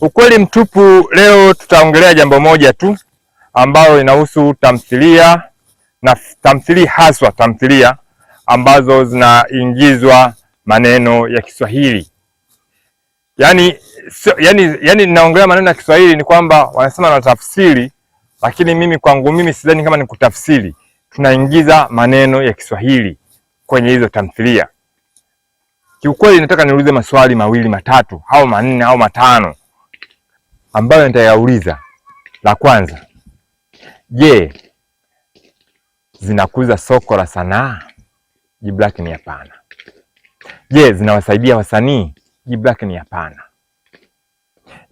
Ukweli mtupu, leo tutaongelea jambo moja tu ambayo inahusu tamthilia na tamthilia, haswa tamthilia ambazo zinaingizwa maneno ya Kiswahili. Yaani so, yani, yani naongelea maneno ya Kiswahili ni kwamba wanasema na tafsiri, lakini mimi kwangu mimi sidhani kama ni kutafsiri. Tunaingiza maneno ya Kiswahili kwenye hizo tamthilia. Kiukweli nataka niulize maswali mawili matatu au manne au matano ambayo nitayauliza, la kwanza, je, zinakuza soko la sanaa? Jibu lake ni hapana. Je, zinawasaidia wasanii? Jibu lake ni hapana.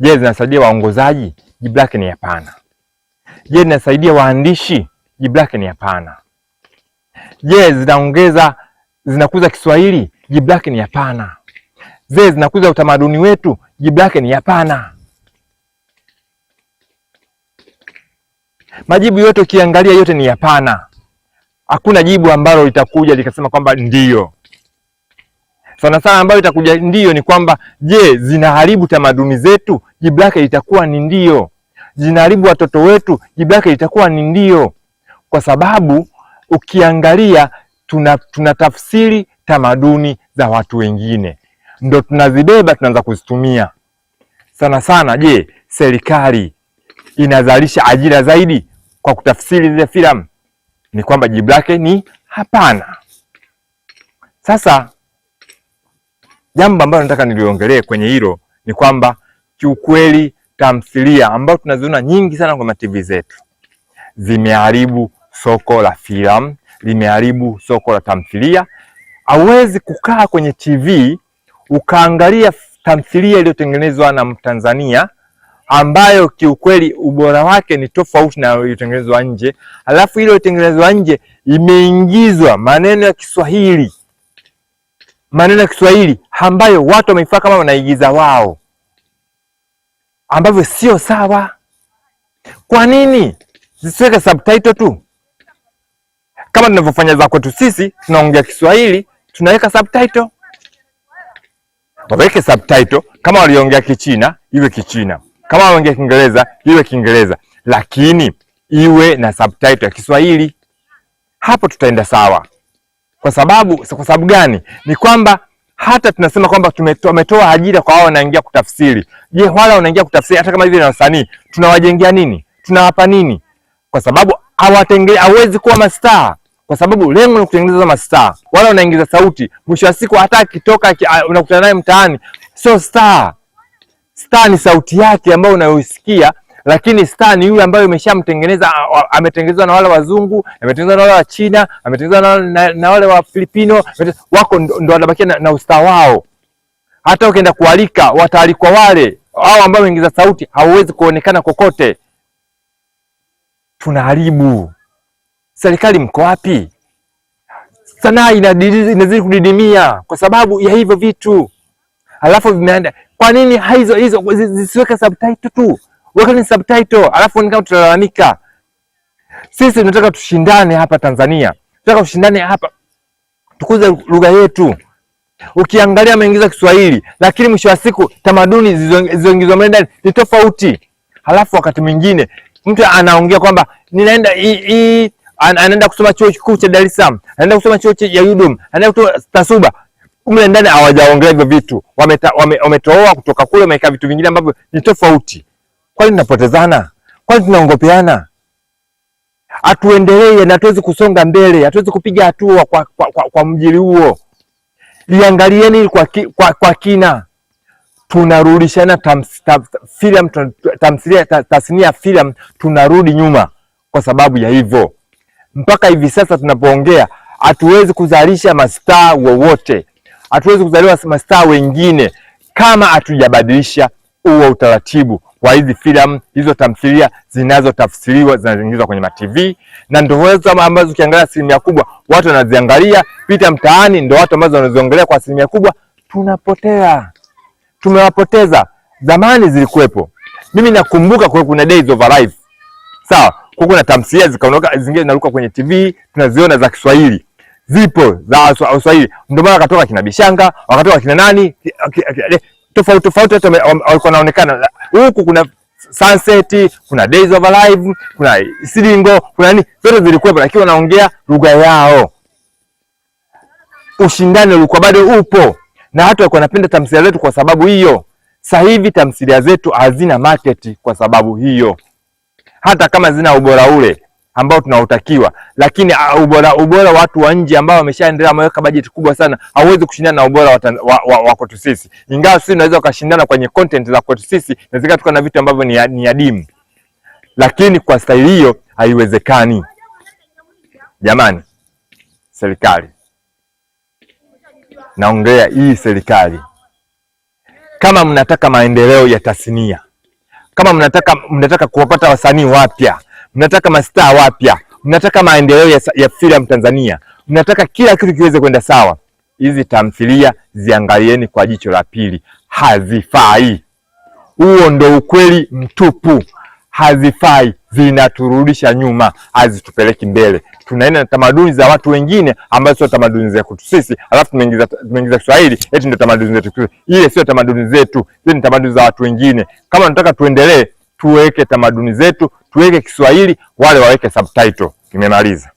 Je, zinasaidia waongozaji? Jibu lake ni hapana. Je, zinasaidia waandishi? Jibu lake ni hapana. Je, zinaongeza zinakuza Kiswahili? Jibu lake ni hapana. Je, zinakuza utamaduni wetu? Jibu lake ni hapana. Majibu yote ukiangalia yote ni hapana. Hakuna jibu ambalo litakuja likasema kwamba ndiyo. Sana sana ambayo itakuja ndiyo ni kwamba, je, zinaharibu tamaduni zetu? Jibu lake litakuwa ni ndiyo. Zinaharibu watoto wetu? Jibu lake litakuwa ni ndiyo, kwa sababu ukiangalia tuna, tuna tafsiri tamaduni za watu wengine ndo tunazibeba, tunaanza kuzitumia sana sana. Je, serikali inazalisha ajira zaidi kwa kutafsiri zile filamu, ni kwamba jibu lake ni hapana. Sasa jambo ambalo nataka niliongelee kwenye hilo ni kwamba kiukweli, tamthilia ambazo tunaziona nyingi sana kwa TV zetu zimeharibu soko la filamu, limeharibu soko la tamthilia. Hawezi kukaa kwenye TV ukaangalia tamthilia iliyotengenezwa na Mtanzania ambayo kiukweli ubora wake ni tofauti na iliyotengenezwa nje, alafu ile iliyotengenezwa nje imeingizwa maneno ya Kiswahili, maneno ya Kiswahili ambayo watu wameifaa kama wanaigiza wao, ambavyo sio sawa. Kwa nini zisiweke subtitle tu kama tunavyofanya za kwetu sisi? Tunaongea Kiswahili tunaweka subtitle, waweke subtitle. Kama waliongea Kichina iwe Kichina kama unaongea Kiingereza iwe Kiingereza, lakini iwe na subtitle ya Kiswahili. Hapo tutaenda sawa. Kwa sababu kwa sababu gani? Ni kwamba hata tunasema kwamba tumetoa ajira kwa wao wanaingia kutafsiri. Je, wala wanaingia kutafsiri hata kama hivi na wasanii, tunawajengea nini? Tunawapa nini? Kwa sababu hawatengele hawezi kuwa mastaa, kwa sababu lengo ni kutengeneza mastaa. Wala wanaingiza sauti, mwisho wa siku hata akitoka unakutana naye mtaani sio star. Star ni sauti yake ambayo unayoisikia, lakini star ni yule ambaye ameshamtengeneza, ametengenezwa na wale wazungu, ametengenezwa na wale wa China, ametengenezwa na, na, na wale wa Filipino wako ndo wanabaki na, na ustaa wao. Hata ukienda kualika wataalikwa wale hao ambao wameingiza sauti, hauwezi kuonekana kokote. Tunaharibu. Serikali mko wapi? Sanaa inazidi kudidimia kwa sababu ya hivyo vitu, alafu vimeanda kwa nini hizo hizo zisiweke subtitle tu? Weka ni subtitle, alafu ni kama tutalalamika. Sisi tunataka tushindane hapa Tanzania, tunataka tushindane hapa, tukuze lugha yetu. Ukiangalia ameingiza Kiswahili, lakini mwisho wa siku tamaduni zilizoingizwa ndani ni tofauti. Halafu wakati mwingine mtu anaongea kwamba ninaenda anaenda kusoma chuo kikuu cha Dar es Salaam, anaenda kusoma chuo cha UDOM, anaenda kusoma Tasuba mle ndani hawajaongea hivyo vitu, wametoa wame, kutoka kule, wameweka vitu vingine ambavyo ni tofauti. Kwani tunapotezana? Kwani tunaongopeana? Hatuendelee na hatuwezi kusonga mbele, hatuwezi kupiga hatua kwa, kwa, kwa, kwa mjili huo. Liangalieni kwa, ki, kwa, kwa kina. Tunarudishana filamu tamthilia tasnia filamu, tunarudi nyuma kwa sababu ya hivyo. Mpaka hivi sasa tunapoongea hatuwezi kuzalisha mastaa wowote hatuwezi kuzaliwa mastaa wengine kama hatujabadilisha huo utaratibu wa hizi filamu hizo tamthilia zinazotafsiriwa zinazoingizwa kwenye matv na ndio ambazo ukiangalia asilimia kubwa watu wanaziangalia pita mtaani, ndio watu ambazo wanaziongelea kwa asilimia kubwa. Tunapotea, tumewapoteza. Zamani zilikuwepo, mimi nakumbuka kwa kuna days of life, sawa, kwa kuna tamthilia zikaondoka, zingine zinaruka kwenye TV tunaziona za Kiswahili zipo za Waswahili, ndio maana wakatoka kina Bishanga, wakatoka kina nani eh, tofauti tofauti, hata walikuwa wanaonekana huku. Kuna Sunset, kuna Days of Alive, kuna Silingo, kuna nini, zote zilikuwepo, lakini wanaongea lugha yao. Ushindani ulikuwa bado upo, na hata walikuwa wanapenda tamthilia zetu kwa sababu hiyo. Sasa hivi tamthilia zetu hazina market kwa sababu hiyo, hata kama zina ubora ule ambao tunaotakiwa, lakini ah, ubora ubora watu wa nje ambao wameshaendelea wameweka bajeti kubwa sana, hauwezi kushindana na ubora wa, wa, wa kwetu sisi, ingawa sisi tunaweza kushindana kwenye content za kwetu sisi, inawezekana tukawa na vitu ambavyo ni, ni adimu, lakini kwa staili hiyo haiwezekani. Jamani, serikali, naongea hii serikali, kama mnataka maendeleo ya tasnia, kama mnataka mnataka kuwapata wasanii wapya mnataka mastaa wapya, mnataka maendeleo ya, ya filamu Tanzania, mnataka kila kitu kiweze kwenda sawa. Hizi tamthilia ziangalieni kwa jicho la pili, hazifai. Huo ndo ukweli mtupu, hazifai, zinaturudisha nyuma, hazitupeleki mbele. Tunaenda na tamaduni za watu wengine ambazo sio tamaduni za zetu sisi, alafu tumeingiza tumeingiza Kiswahili eti ndio tamaduni zetu. Ile sio tamaduni zetu, ile ni tamaduni za watu wengine. Kama tunataka tuendelee tuweke tamaduni zetu, tuweke Kiswahili, wale waweke subtitle. Kimemaliza.